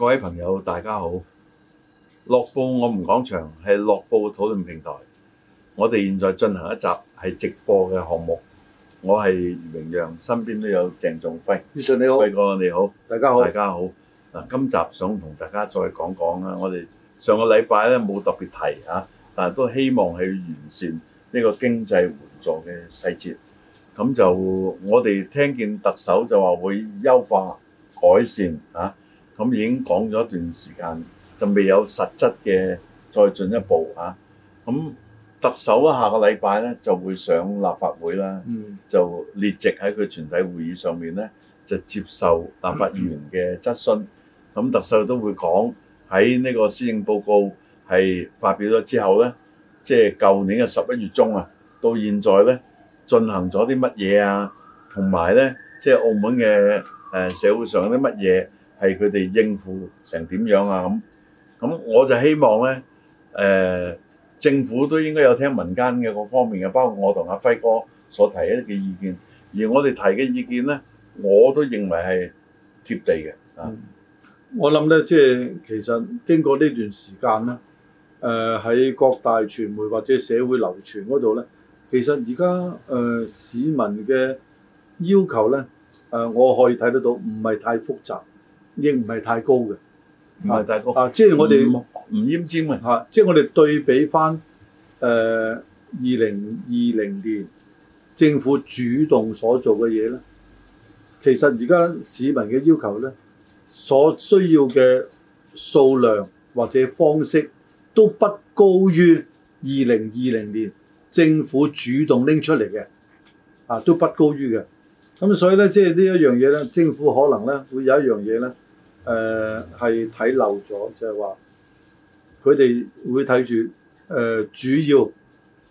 各位朋友，大家好！《樂報我哋講場》係《樂報》討論平台，我哋現在進行一集係直播嘅項目。我係余明陽，身邊都有鄭仲輝，你好你好，輝哥你好，大家好，大家好。嗱，今集想同大家再講講啦。我哋上個禮拜咧冇特別提嚇，但係都希望去完善呢個經濟援助嘅細節。咁就我哋聽見特首就話會優化改善嚇。咁已經講咗一段時間，就未有實質嘅再進一步嚇。咁特首咧下個禮拜咧就會上立法會啦，就列席喺佢全體會議上面咧，就接受立法議員嘅質詢。咁特首都會講喺呢個施政報告係發表咗之後咧，即係舊年嘅十一月中啊，到現在咧進行咗啲乜嘢啊，同埋咧即係澳門嘅誒社會上啲乜嘢？係佢哋應付成點樣啊，咁，咁我就希望呢，誒、呃、政府都應該有聽民間嘅各方面嘅，包括我同阿輝哥所提一啲嘅意見。而我哋提嘅意見呢，我都認為係貼地嘅。啊，我諗呢，即係其實經過呢段時間呢，誒、呃、喺各大傳媒或者社會流傳嗰度呢，其實而家誒市民嘅要求呢，誒、呃、我可以睇得到，唔係太複雜。亦唔係太高嘅，唔係太高。啊，即係我哋唔唔奄尖啊！即係我哋對比翻誒二零二零年政府主動所做嘅嘢咧，其實而家市民嘅要求咧，所需要嘅數量或者方式都不高於二零二零年政府主動拎出嚟嘅啊，都不高於嘅。咁所以咧，即係呢一樣嘢咧，政府可能咧會有一樣嘢咧。誒係睇漏咗，就係話佢哋會睇住誒，主要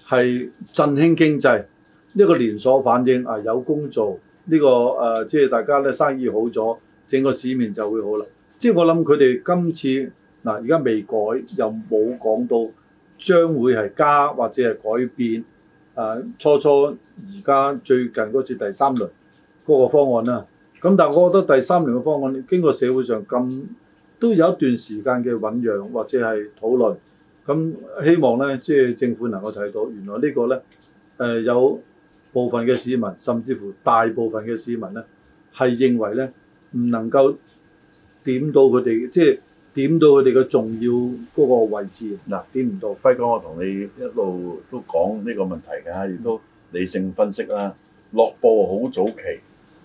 係振興經濟，一、呢個連鎖反應啊，有工做呢、呢個誒，即、呃、係、就係、大家咧生意好咗，整個市面就會好啦。即、就、係、係、我諗佢哋今次嗱，而、呃、家未改又冇講到將會係加或者係改變誒、呃，初初而家最近嗰次第三輪嗰個方案啦。咁但係我覺得第三年嘅方案，經過社會上咁都有一段時間嘅醞釀或者係討論，咁希望咧即係政府能夠睇到，原來呢個咧誒有部分嘅市民，甚至乎大部分嘅市民咧係認為咧唔能夠點到佢哋，即係點到佢哋嘅重要嗰個位置。嗱，點唔到，輝哥，我同你一路都講呢個問題嘅，亦都理性分析啦。落步好早期。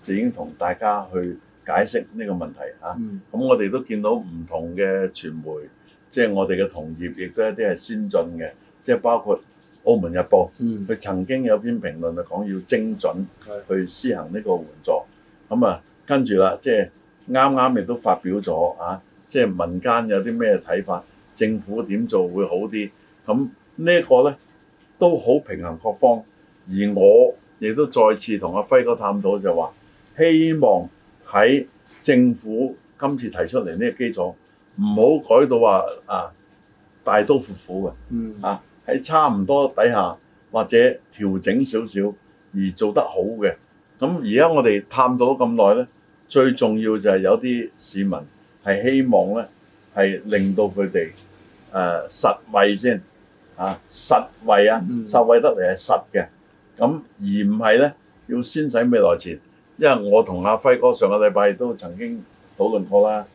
就已經同大家去解釋呢個問題嚇，咁、嗯啊、我哋都見到唔同嘅傳媒，即係我哋嘅同業，亦都一啲係先進嘅，即係包括《澳門日報》嗯，佢曾經有篇評論就講要精準去施行呢個援助，咁啊跟住啦，即係啱啱亦都發表咗啊，即係民間有啲咩睇法，政府點做會好啲，咁呢一個呢，都好平衡各方，而我亦都再次同阿輝哥探討就話。希望喺政府今次提出嚟呢個基礎，唔好改到話啊大刀闊斧嘅，啊喺差唔多底下或者調整少少而做得好嘅。咁而家我哋探討咁耐咧，最重要就係有啲市民係希望咧係令到佢哋誒實惠先，啊實惠啊實惠得嚟係實嘅，咁、啊、而唔係咧要先使未來錢。因為我同阿輝哥上個禮拜都曾經討論過啦，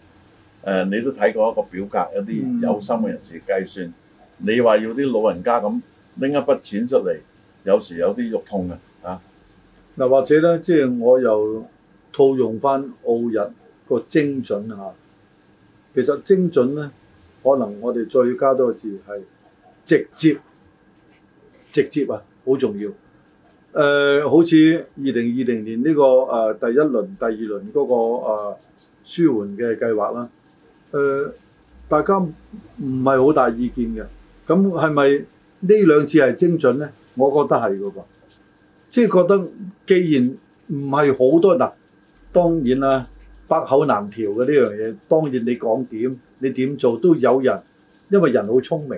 誒、呃，你都睇過一個表格，有啲有心嘅人士計算，嗯、你話要啲老人家咁拎一筆錢出嚟，有時有啲肉痛嘅嚇。嗱、啊，或者咧，即係我又套用翻澳日個精準嚇，其實精準咧，可能我哋再要加多個字係直接，直接啊，好重要。誒、呃，好似二零二零年呢、這個誒、呃、第一輪、第二輪嗰、那個、呃、舒緩嘅計劃啦。誒、呃，大家唔係好大意見嘅。咁係咪呢兩次係精準呢？我覺得係嘅噃，即係覺得既然唔係好多嗱，當然啦、啊，百口難調嘅呢樣嘢。當然你講點，你點做都有人，因為人好聰明，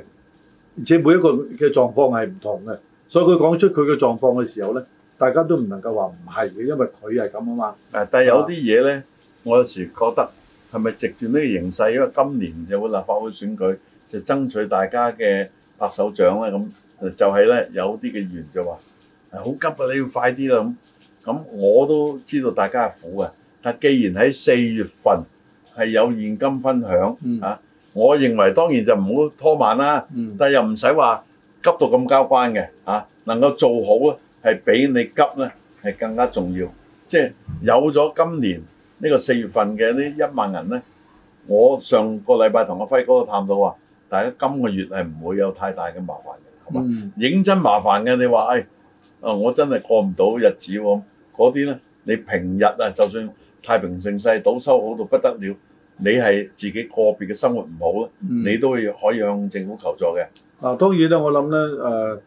而且每一個嘅狀況係唔同嘅。所以佢講出佢嘅狀況嘅時候咧，大家都唔能夠話唔係嘅，因為佢係咁啊嘛。誒，但係有啲嘢咧，我有時覺得係咪藉住呢個形勢？因為今年有個立法會選舉，就爭取大家嘅拍手掌咧咁，就係咧有啲嘅議員就話係好急啊，你要快啲啦咁。咁我都知道大家苦嘅，但係既然喺四月份係有現金分享嚇，我認為當然就唔好拖慢啦。嗯，但係又唔使話。急到咁交關嘅嚇，能夠做好咧，係比你急咧係更加重要。即係有咗今年呢個四月份嘅呢一萬人咧，我上個禮拜同阿輝哥都探到話，大家今個月係唔會有太大嘅麻煩嘅，好嘛？嗯、認真麻煩嘅，你話誒啊，我真係過唔到日子喎，嗰啲咧，你平日啊，就算太平盛世，賭收好到不得了，你係自己個別嘅生活唔好咧，你都要可以向政府求助嘅。嗱、啊，當然咧，我諗咧，誒、呃，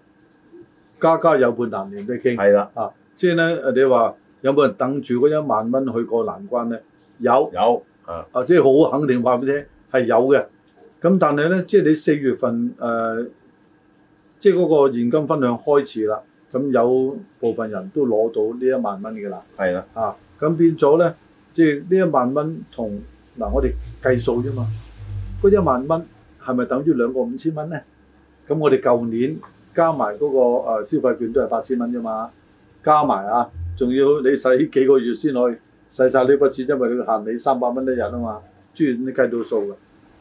家家有本難唸的經，係啦的，啊，即係咧，你話有冇人等住嗰一萬蚊去過難關咧？有，有，啊，即係好肯定話俾你聽，係有嘅。咁但係咧，即係你四月份誒、呃，即係嗰個現金分享開始啦，咁有部分人都攞到呢一萬蚊㗎啦，係啦的、啊，啊，咁變咗咧，即係呢一萬蚊同嗱，我哋計數啫嘛，嗰一萬蚊係咪等於兩個五千蚊咧？咁我哋舊年加埋嗰個消費券都係八千蚊啫嘛，加埋啊，仲要你使幾個月先可以使晒呢筆錢，因為你限你三百蚊一日啊嘛，專業啲計到數嘅。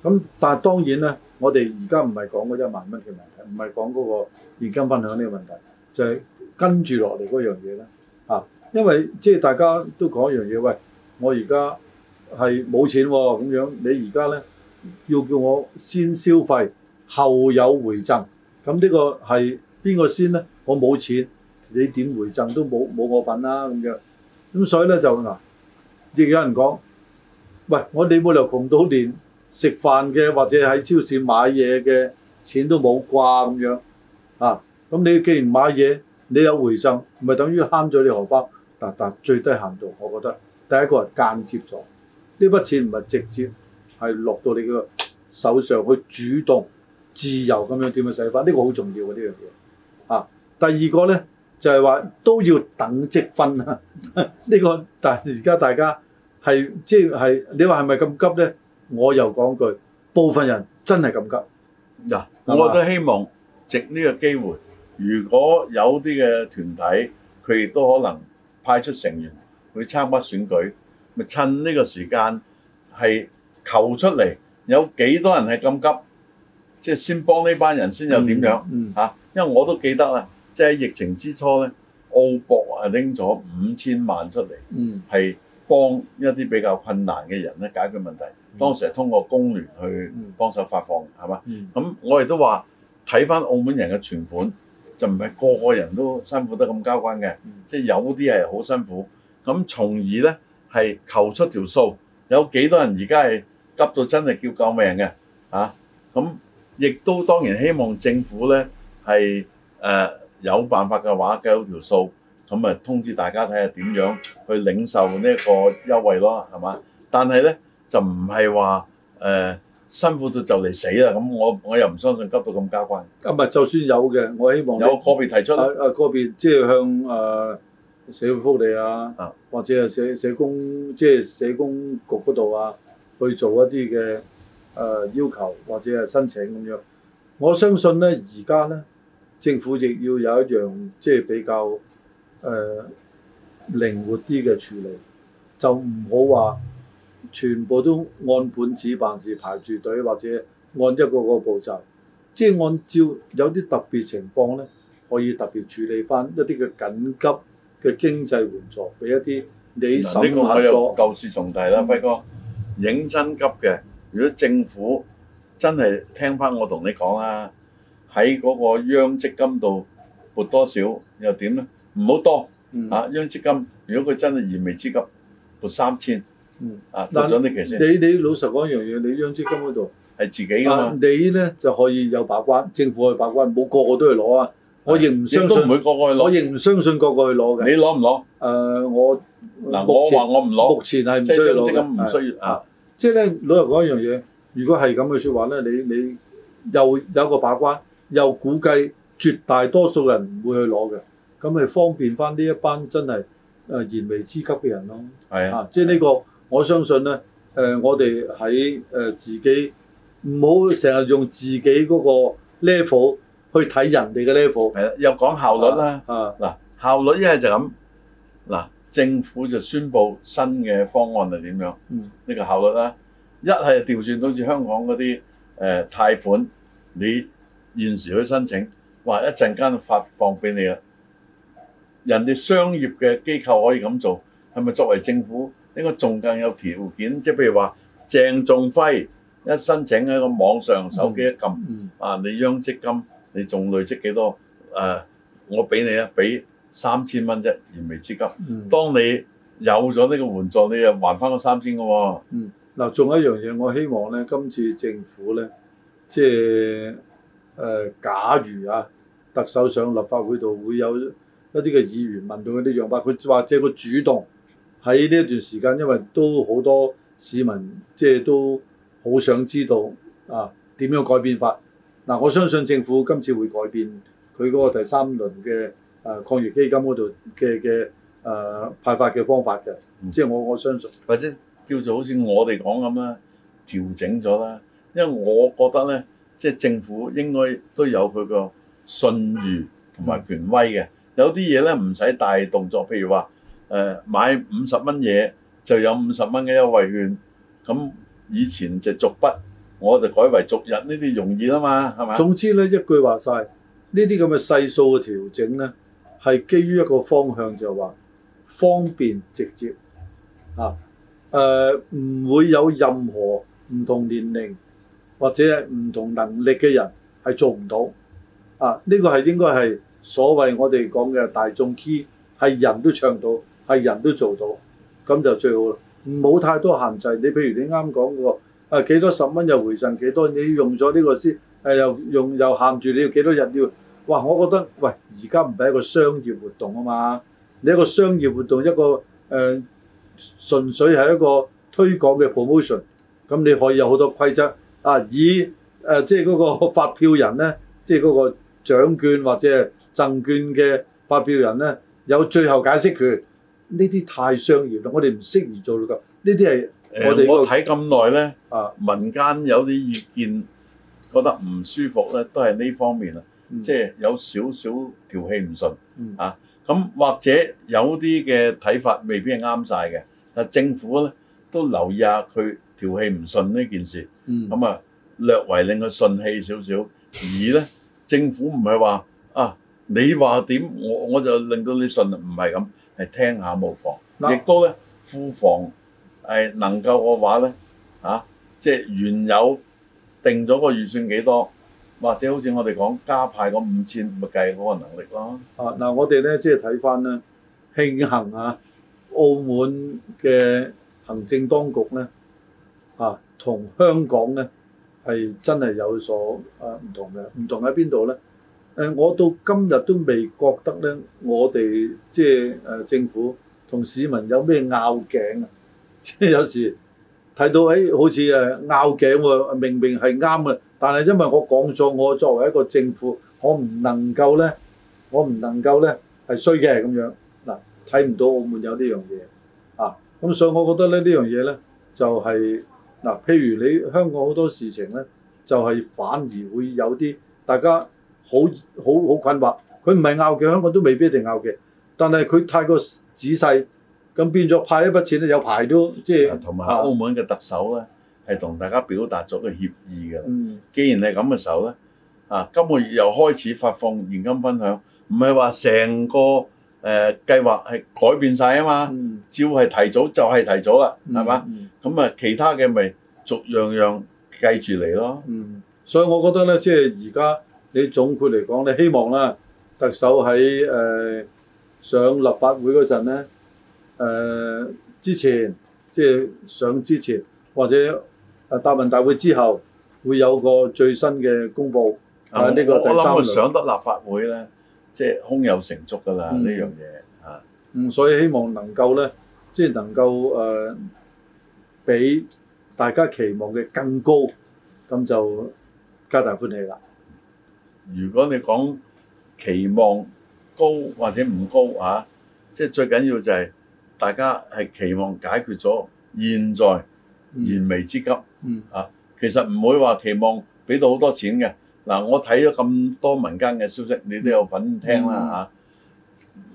咁但係當然咧，我哋而家唔係講嗰一萬蚊嘅問題，唔係講嗰個現金分享呢個問題，就係跟住落嚟嗰樣嘢咧嚇，因為即係大家都講一樣嘢，喂，我而家係冇錢喎、哦，咁樣你而家咧要叫我先消費？後有回贈，咁呢個係邊個先呢？我冇錢，你點回贈都冇冇我份啦、啊、咁樣。咁所以咧就話，亦有人講，喂，我哋冇理由窮到連食飯嘅或者喺超市買嘢嘅錢都冇啩咁樣。啊，咁你既然買嘢，你有回贈，唔係等於慳咗你荷包？嗱但，最低限度，我覺得第一個係間接咗，呢筆錢唔係直接係落到你個手上去主動。自由咁樣點樣使法呢、呢個好重要嘅呢樣嘢啊！第二個呢，就係、係、話都要等積分啦。呢、呢個但係而家大家係即係你話係咪咁急呢？我又講句，部分人真係咁急嗱。嗯、吧我都希望藉呢個機會，如果有啲嘅團體，佢亦都可能派出成員去參加選舉，咪趁呢個時間係求出嚟有幾多人係咁急。即係先幫呢班人先有點樣嚇、嗯嗯啊？因為我都記得啦，即、就、係、是、疫情之初咧，澳博啊拎咗五千萬出嚟，係、嗯、幫一啲比較困難嘅人咧解決問題。嗯、當時係通過工聯去幫手發放，係嘛、嗯？咁、嗯嗯、我亦都話睇翻澳門人嘅存款，就唔係個個人都辛苦得咁交關嘅，即係、嗯、有啲係好辛苦。咁從而咧係求出條數，有幾多人而家係急到真係叫救命嘅嚇？咁、啊啊啊啊啊啊啊啊亦都當然希望政府呢係誒、呃、有辦法嘅話計好條數，咁啊通知大家睇下點樣去領受呢一個優惠咯，係嘛？但係呢就唔係話誒辛苦到就嚟死啦，咁我我又唔相信急到咁加快。咁唔就算有嘅，我希望有個別提出誒誒、啊啊、個別，即係向、呃、社會福利啊，或者係社社工即係社工局嗰度啊，去做一啲嘅。誒、呃、要求或者係申請咁樣，我相信呢而家呢政府亦要有一樣即係比較誒靈、呃、活啲嘅處理，就唔好話全部都按本子辦事排住隊或者按一個個步驟，即係按照有啲特別情況呢，可以特別處理翻一啲嘅緊急嘅經濟援助俾一啲你審核多。呢個我又舊事重提啦，輝哥，認真急嘅。如果政府真係聽翻我同你講啦，喺嗰個央積金度撥多少又點咧？唔好多、嗯、啊！央積金如果佢真係燃眉之急，撥三千啊，到咗呢期先。你你老實講一樣嘢，你央積金嗰度係自己㗎嘛？你咧就可以有把關，政府可以把關，冇個個都去攞啊！我亦唔相信都唔會個個去攞，我亦唔相信個個去攞嘅。你攞唔攞？誒，我嗱，我話我唔攞。目前係唔需要攞、啊。即係央積金唔需要啊。即係咧，老實講一樣嘢，如果係咁嘅説話咧，你你又有一個把關，又估計絕大多數人唔會去攞嘅，咁咪方便翻呢一班真係誒燃眉之急嘅人咯。係的啊，即係呢個我相信咧，誒、呃、我哋喺誒自己唔好成日用自己嗰個 level 去睇人哋嘅 level。係又講效率啦、啊，啊嗱、啊，效率一係就咁嗱。啊政府就宣布新嘅方案係點樣？呢個效率啦，一係調轉到似香港嗰啲誒貸款，你現時去申請，哇！一陣間就發放俾你啦。人哋商業嘅機構可以咁做，係咪作為政府應該仲更有條件？即係譬如話，鄭仲輝一申請喺個網上手機一撳，啊，你央積金你仲累積幾多？誒，我俾你啦，俾。三千蚊啫，燃眉之急。嗯、當你有咗呢個援助，你又還翻嗰三千個喎。嗯，嗱，仲有一樣嘢，我希望咧，今次政府咧，即係誒、呃，假如啊，特首上立法會度會有一啲嘅議員問到一啲樣法，佢或者佢主動喺呢一段時間，因為都好多市民即係都好想知道啊點樣改變法。嗱、啊，我相信政府今次會改變佢嗰個第三輪嘅、嗯。誒、呃、抗疫基金嗰度嘅嘅誒派發嘅方法嘅，嗯、即係我我相信，或者叫做好似我哋講咁啦，調整咗啦，因為我覺得咧，即係政府應該都有佢個信譽同埋權威嘅，有啲嘢咧唔使大動作，譬如話誒、呃、買五十蚊嘢就有五十蚊嘅優惠券，咁以前就逐筆，我就改為逐日呢啲容易啊嘛，係嘛？總之咧一句話晒，呢啲咁嘅細數嘅調整咧。係基於一個方向，就係、是、話方便直接啊，誒、呃、唔會有任何唔同年齡或者唔同能力嘅人係做唔到啊，呢、這個係應該係所謂我哋講嘅大眾 key，係人都唱到，係人都做到，咁就最好啦。唔好太多限制。你譬如你啱講嗰個誒幾多十蚊又回贈，幾多你用咗呢個先誒、啊，又用又限住你要幾多日要。哇！我覺得喂，而家唔係一個商業活動啊嘛，你一個商業活動，一個誒、呃、純粹係一個推廣嘅 promotion，咁你可以有好多規則啊，以誒、呃、即係嗰個發票人咧，即係嗰個獎券或者贈券嘅發票人咧，有最後解釋權。呢啲太商業啦，我哋唔適宜做到㗎、嗰個。呃、呢啲係我哋我睇咁耐咧，啊，民間有啲意見覺得唔舒服咧，都係呢方面啊。即係有少少調氣唔順啊，咁或者有啲嘅睇法未必係啱晒嘅，但係政府咧都留意下佢調氣唔順呢件事，咁啊略為令佢順氣少少，而咧政府唔係話啊你話點我我就令到你順，唔係咁係聽下無妨，亦都咧庫房係能夠嘅話咧啊，即係原有定咗個預算幾多。或者好似我哋講加派個五千，咪計個能力咯。啊，嗱，我哋咧即係睇翻咧，慶幸啊，澳門嘅行政當局咧，啊，同香港咧係真係有所啊唔同嘅。唔同喺邊度咧？誒，我到今日都未覺得咧，我哋即係誒、啊、政府同市民有咩拗頸啊？即係有時睇到誒、哎，好似誒拗頸喎、啊，明明係啱嘅。但係因為我講咗，我作為一個政府，我唔能夠咧，我唔能夠咧係衰嘅咁樣。嗱，睇唔到澳門有呢樣嘢啊，咁所以我覺得咧呢樣嘢咧就係、是、嗱、啊，譬如你香港好多事情咧，就係、是、反而會有啲大家好好好困惑。佢唔係拗嘅，香港都未必一定拗嘅，但係佢太過仔細，咁變咗派一筆錢咧，有排都即係同埋澳門嘅特首啦。係同大家表達咗個協議嘅。既然係咁嘅時候咧，啊，今個月又開始發放現金分享，唔係話成個誒、呃、計劃係改變晒啊嘛，嗯、只要係提早就係提早啦，係嘛、嗯？咁、嗯、啊，其他嘅咪逐樣樣計住嚟咯。所以我覺得咧，即係而家你總括嚟講你希望咧特首喺誒、呃、上立法會嗰陣咧，誒、呃、之前即係、就是、上之前或者。答問大會之後會有個最新嘅公佈，我啊呢、呢個第三輪上得立法會咧，即係胸有成竹㗎啦呢樣嘢嚇。嗯，嗯，所以希望能夠咧，即係能夠誒，俾、呃、大家期望嘅更高，咁就加大歡喜啦。如果你講期望高或者唔高啊，即係最緊要就係大家係期望解決咗現在燃眉之急。嗯。嗯啊，其實唔會話期望俾到好多錢嘅。嗱、啊，我睇咗咁多民間嘅消息，你都有份聽啦嚇、嗯啊。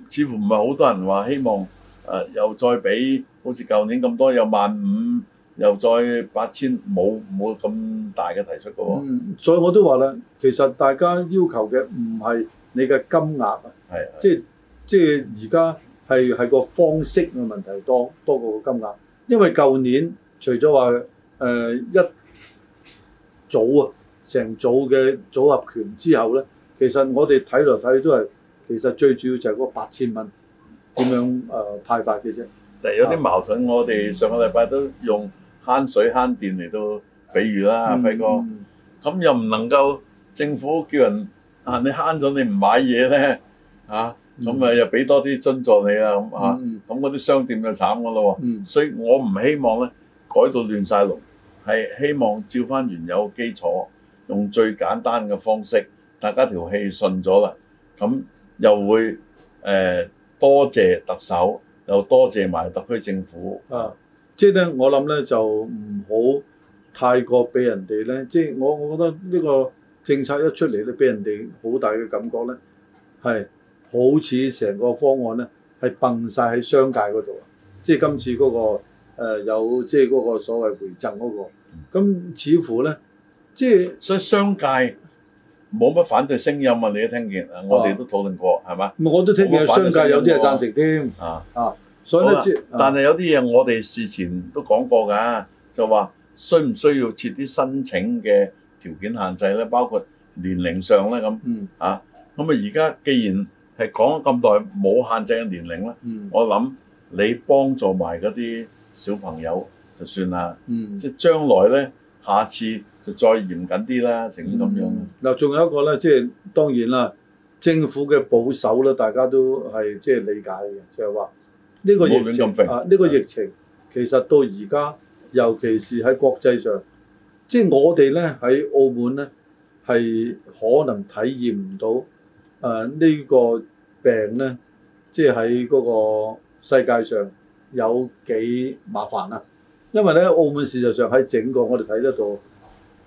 似乎唔係好多人話希望誒又再俾好似舊年咁多，有萬五，又再八千，冇冇咁大嘅提出嘅。嗯，所以我都話啦，其實大家要求嘅唔係你嘅金額啊，係即係即係而家係係個方式嘅問題多多過個金額，因為舊年除咗話。誒、uh, 一組啊，成組嘅組合拳之後咧，其實我哋睇來睇去都係，其實最主要就係嗰八千蚊點樣誒派發嘅啫。就、呃、係有啲矛盾，啊、我哋上個禮拜都用慳水慳電嚟到比喻啦，輝哥。咁、嗯、又唔能夠政府叫人啊，你慳咗你唔買嘢咧，嚇咁咪又俾多啲津助你啦咁嚇。咁嗰啲商店就慘噶咯。所以我唔希望咧改到亂晒龍。係希望照翻原有基礎，用最簡單嘅方式，大家條氣順咗啦。咁又會誒、呃、多謝特首，又多謝埋特區政府。啊，即係咧，我諗咧就唔好太過俾人哋咧。即係我，我覺得呢個政策一出嚟咧，俾人哋好大嘅感覺咧，係好似成個方案咧係崩晒喺商界嗰度啊。即係今次嗰、嗰個、呃、有即係嗰個所謂回贈嗰、嗰個。咁似乎咧，即係所以商界冇乜反對聲音啊，你都聽見啊，我哋都討論過係嘛？我都聽見，啊、商界有啲係贊成添啊啊！啊啊所以咧，了啊、但係有啲嘢我哋事前都講過噶，就話需唔需要設啲申請嘅條件限制咧？包括年齡上咧咁啊。咁啊、嗯，而家、嗯、既然係講咗咁耐冇限制嘅年齡咧，我諗你幫助埋嗰啲小朋友。就算啦，嗯、即係將來咧，下次就再嚴謹啲啦，情願咁樣嗱，仲、嗯嗯、有一個咧，即、就、係、是、當然啦，政府嘅保守咧，大家都係即係理解嘅，就係話呢個疫情動動動啊，呢、呢個疫情是的 其實到而家，尤其是喺國際上，即、就、係、是、我哋咧喺澳門咧係可能體驗唔到誒呢、呃呢個病咧，即係喺嗰個世界上有幾麻煩啊！因為咧，澳門事實上喺整個我哋睇得到，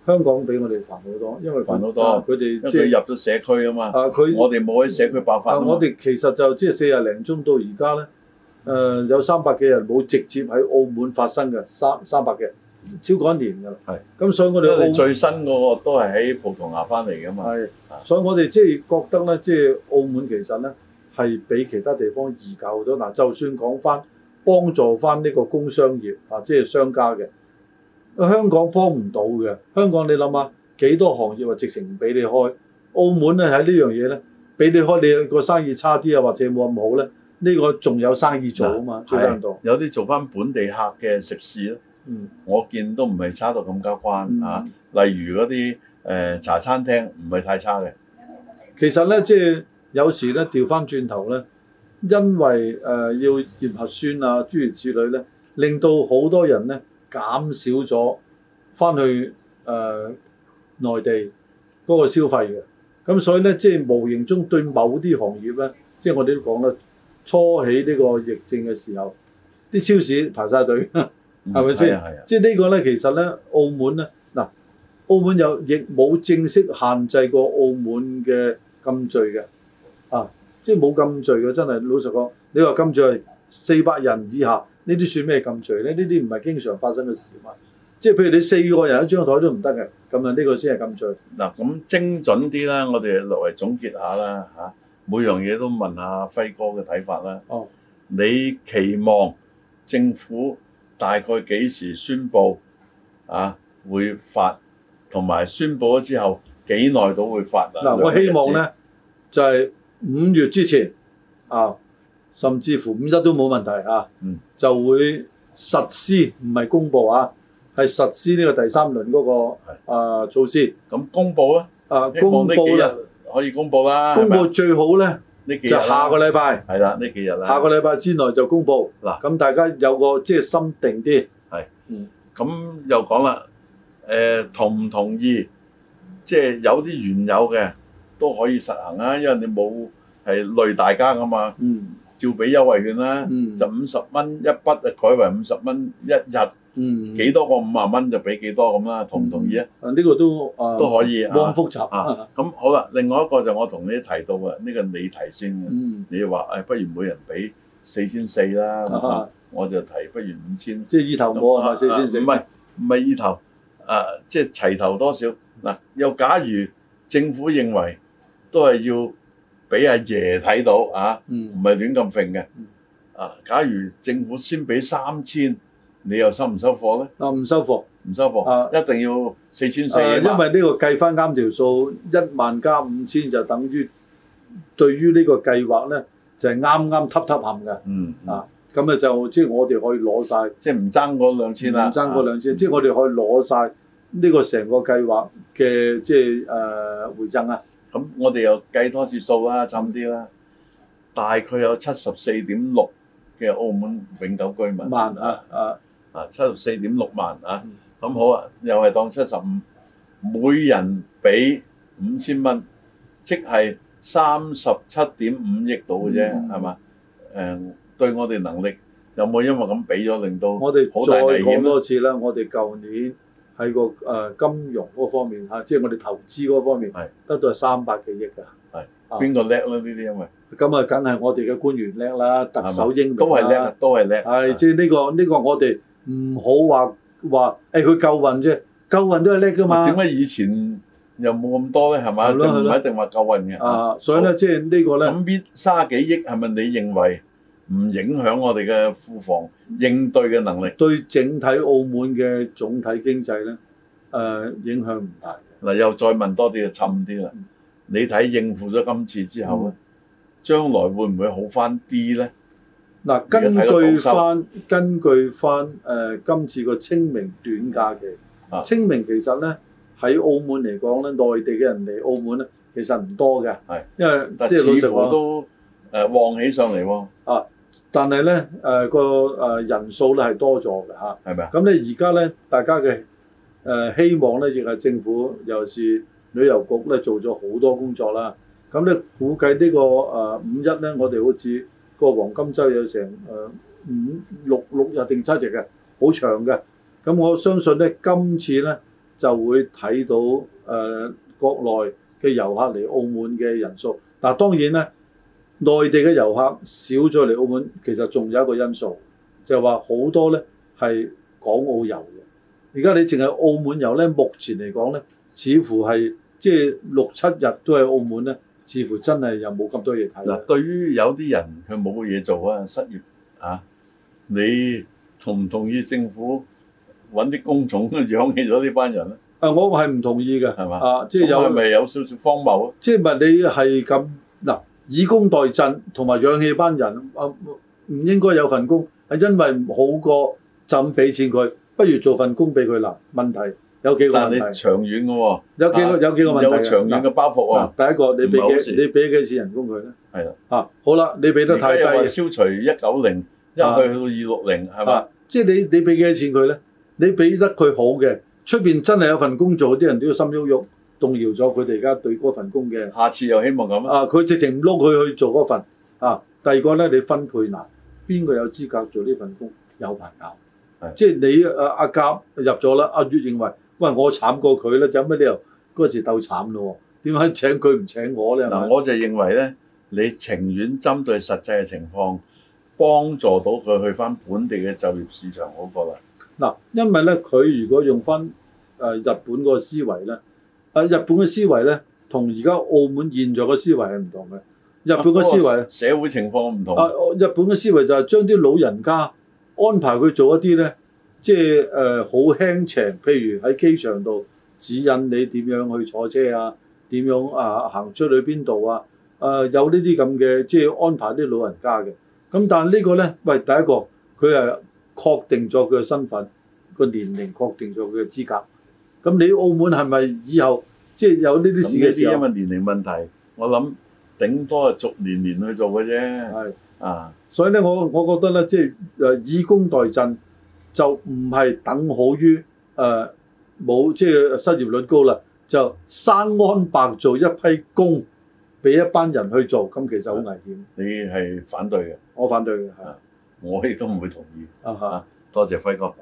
香港比我哋煩好多，因為煩好多，佢哋即係入咗社區啊嘛。啊，佢我哋冇喺社區爆發。我哋其實就即係、就是、四廿零宗到而家咧，誒、呃、有三百幾日冇直接喺澳門發生嘅，三三百幾超過一年㗎啦。係是。咁所以我哋澳最新嗰個都係喺葡萄牙翻嚟㗎嘛。係。所以我哋即係覺得咧，即、就、係、是、澳門其實咧係比其他地方易搞咗嗱。就算講翻。幫助翻呢個工商業啊，即係商家嘅。香港幫唔到嘅，香港你諗下幾多行業或直情唔俾你開？澳門咧喺呢樣嘢咧，俾你開你個生意差啲啊，或者冇咁好咧，呢、呢個仲有生意做啊嘛，知道、啊、有啲做翻本地客嘅食肆咧，嗯、我見都唔係差到咁交關、嗯、啊。例如嗰啲誒茶餐廳，唔係太差嘅。嗯嗯、其實咧，即係有時咧，調翻轉頭咧。因為誒、呃、要驗核酸啊諸如此類咧，令到好多人咧減少咗翻去誒、呃、內地嗰個消費嘅，咁所以咧即係無形中對某啲行業咧，即係我哋都講啦，初起呢個疫症嘅時候，啲超市排晒隊，係咪先？係 吧啊，即係呢個咧其實咧，澳門咧嗱，澳門有亦冇正式限制過澳門嘅禁聚嘅啊。即係冇禁聚嘅，真係老實講。你話禁聚，四百人以下，呢啲算咩禁聚咧？呢啲唔係經常發生嘅事嘛。即係譬如你四個人一張台都唔得嘅，咁啊呢個先係禁聚。嗱咁精準啲啦，我哋落嚟總結下啦嚇、啊。每樣嘢都問下輝哥嘅睇法啦。哦，你期望政府大概幾時宣布啊？會發同埋宣布咗之後幾耐到會發啊？嗱，我希望咧就係、是。五月之前啊，甚至乎五一都冇問題啊，就會實施唔係公佈啊，係實施呢個第三輪嗰個啊措施。咁公佈咧啊，公佈啦，可以公佈啦。公佈最好咧，就下個禮拜係啦，呢幾日啦。下個禮拜之內就公佈嗱，咁大家有個即係心定啲。係，嗯，咁又講啦，誒同唔同意？即係有啲原有嘅。都可以實行啦，因為你冇係累大家噶嘛，照俾優惠券啦，就五十蚊一筆啊，改為五十蚊一日，幾多個五萬蚊就俾幾多咁啦，同唔同意啊？呢個都都可以，冇咁複雜啊。咁好啦，另外一個就我同你提到嘅，呢個你提先嘅，你話誒，不如每人俾四千四啦，我就提不如五千。即係意頭冇啊嘛，四千四唔係唔係意頭啊，即係齊頭多少嗱？又假如政府認為都係要俾阿爺睇到啊！唔係亂咁揈嘅啊！假如政府先俾三千，你又收唔收貨咧？啊，唔收貨，唔收貨啊！一定要四千四。因為呢個計翻啱條數，一萬加五千就等於對於呢個計劃咧，就係啱啱揼揼冚嘅啊！咁啊就即係、就是、我哋可以攞晒，即係唔爭嗰兩千啦，唔爭嗰兩千，即係、啊啊、我哋可以攞晒呢個成個計劃嘅即係誒回贈啊！啊咁我哋又計多次數啦，差唔多啦，大概有七十四點六嘅澳門永久居民萬，啊啊啊七十四點六萬啊！咁好啊，又係當七十五，每人俾五千蚊，即係三十七點五億度嘅啫，係嘛？誒，對我哋能力有冇因為咁俾咗，令到我哋好大危險啦？我哋舊年。喺個誒金融嗰方面嚇，即係我哋投資嗰方面，得到係三百幾億㗎。係邊個叻咧？呢啲因為咁啊，梗係我哋嘅官員叻啦，特首英明都係叻啊，都係叻。係即係呢個呢個，我哋唔好話話誒佢夠運啫，夠運都係叻㗎嘛。點解以前又冇咁多咧？係咪？即唔一定話夠運嘅啊？所以咧，即係呢個咧。咁邊三十幾億係咪你認為？唔影響我哋嘅庫房應對嘅能力，對整體澳門嘅總體經濟咧，誒、呃、影響唔大。嗱，又再問多啲就深啲啦。你睇應付咗今次之後咧，將、嗯、來會唔會好翻啲咧？嗱，根據翻根據翻誒今次個清明短假期，清明其實咧喺澳門嚟講咧，內地嘅人嚟澳門咧其實唔多嘅，了因為即係老實話都誒旺起上嚟喎。啊！嗯啊啊啊啊啊啊啊啊但係咧，誒個誒人數咧係多咗嘅嚇，係咪？咁咧而家咧，大家嘅誒希望咧，亦係政府又是旅遊局咧做咗好多工作啦。咁、啊、咧估計呢、呢個誒、呃、五一咧，我哋好似個黃金周有成誒五、呃、六六日定七日嘅，好長嘅。咁、啊嗯、我相信咧，今次咧就會睇到誒、呃、國內嘅遊客嚟澳門嘅人數。但、啊、當然咧。內地嘅遊客少咗嚟澳門，其實仲有一個因素，就係話好多咧係港澳遊。而家你淨係澳門遊咧，目前嚟講咧，似乎係即係六七日都喺澳門咧，似乎真係又冇咁多嘢睇。嗱、啊，對於有啲人佢冇嘢做啊，失業啊，你同唔同意政府搵啲工種養起咗呢班人咧？誒、啊，我係唔同意嘅，係嘛吧？啊，即係有係咪有少，少少荒謬啊？即係問你係咁嗱？以工代賑同埋養起班人，啊唔應該有份工，係因為好過就咁俾錢佢，不如做份工俾佢嗱。問題有幾個問題？但係你長遠嘅喎、哦，有幾個、啊、有幾個問題、啊？有個長遠嘅包袱喎、啊啊。第一個你俾幾你俾幾錢人工佢咧？係啦的，啊好啦，你俾得太低。消除一九零，一去到二六零係嘛？即係你你俾幾錢佢咧？你俾得佢好嘅，出邊真係有份工做啲人，家人家都要心喐喐。動搖咗佢哋而家對嗰份工嘅，下次又希望咁啊？佢直情唔撈佢去做嗰份啊！第二個咧，你分配難，邊個有資格做呢份工有排搞，的即係你阿阿甲入咗啦，阿、啊、月認為喂我慘過佢啦，有咩理由嗰時鬥慘咯？點解請佢唔請我咧？嗱，我就認為咧，你情願針對實際嘅情況幫助到佢去翻本地嘅就業市場好過啦。嗱，因為咧佢如果用翻誒日本嗰個思維咧。啊，那個、啊！日本嘅思維咧，同而家澳門現在嘅思維係唔同嘅。日本嘅思維，社會情況唔同。啊！日本嘅思維就係將啲老人家安排佢做一啲咧，即係誒好輕程，譬如喺機場度指引你點樣去坐車啊，點樣啊行出去邊度啊，啊有呢啲咁嘅即係安排啲老人家嘅。咁、嗯、但係呢個咧，喂，第一個佢係確定咗佢嘅身份，個年齡確定咗佢嘅資格。咁你澳門係咪以後即係有呢啲事嘅時候？呢啲因為年齡問題，我諗頂多係逐年年去做嘅啫。係啊，所以咧，我我覺得咧，即係誒以工代賑，就唔係等好於誒冇即係失業率高啦，就生安白做一批工俾一班人去做，咁其實好危險。你係反對嘅，我反對嘅，係我亦都唔會同意。啊嚇，多謝輝哥。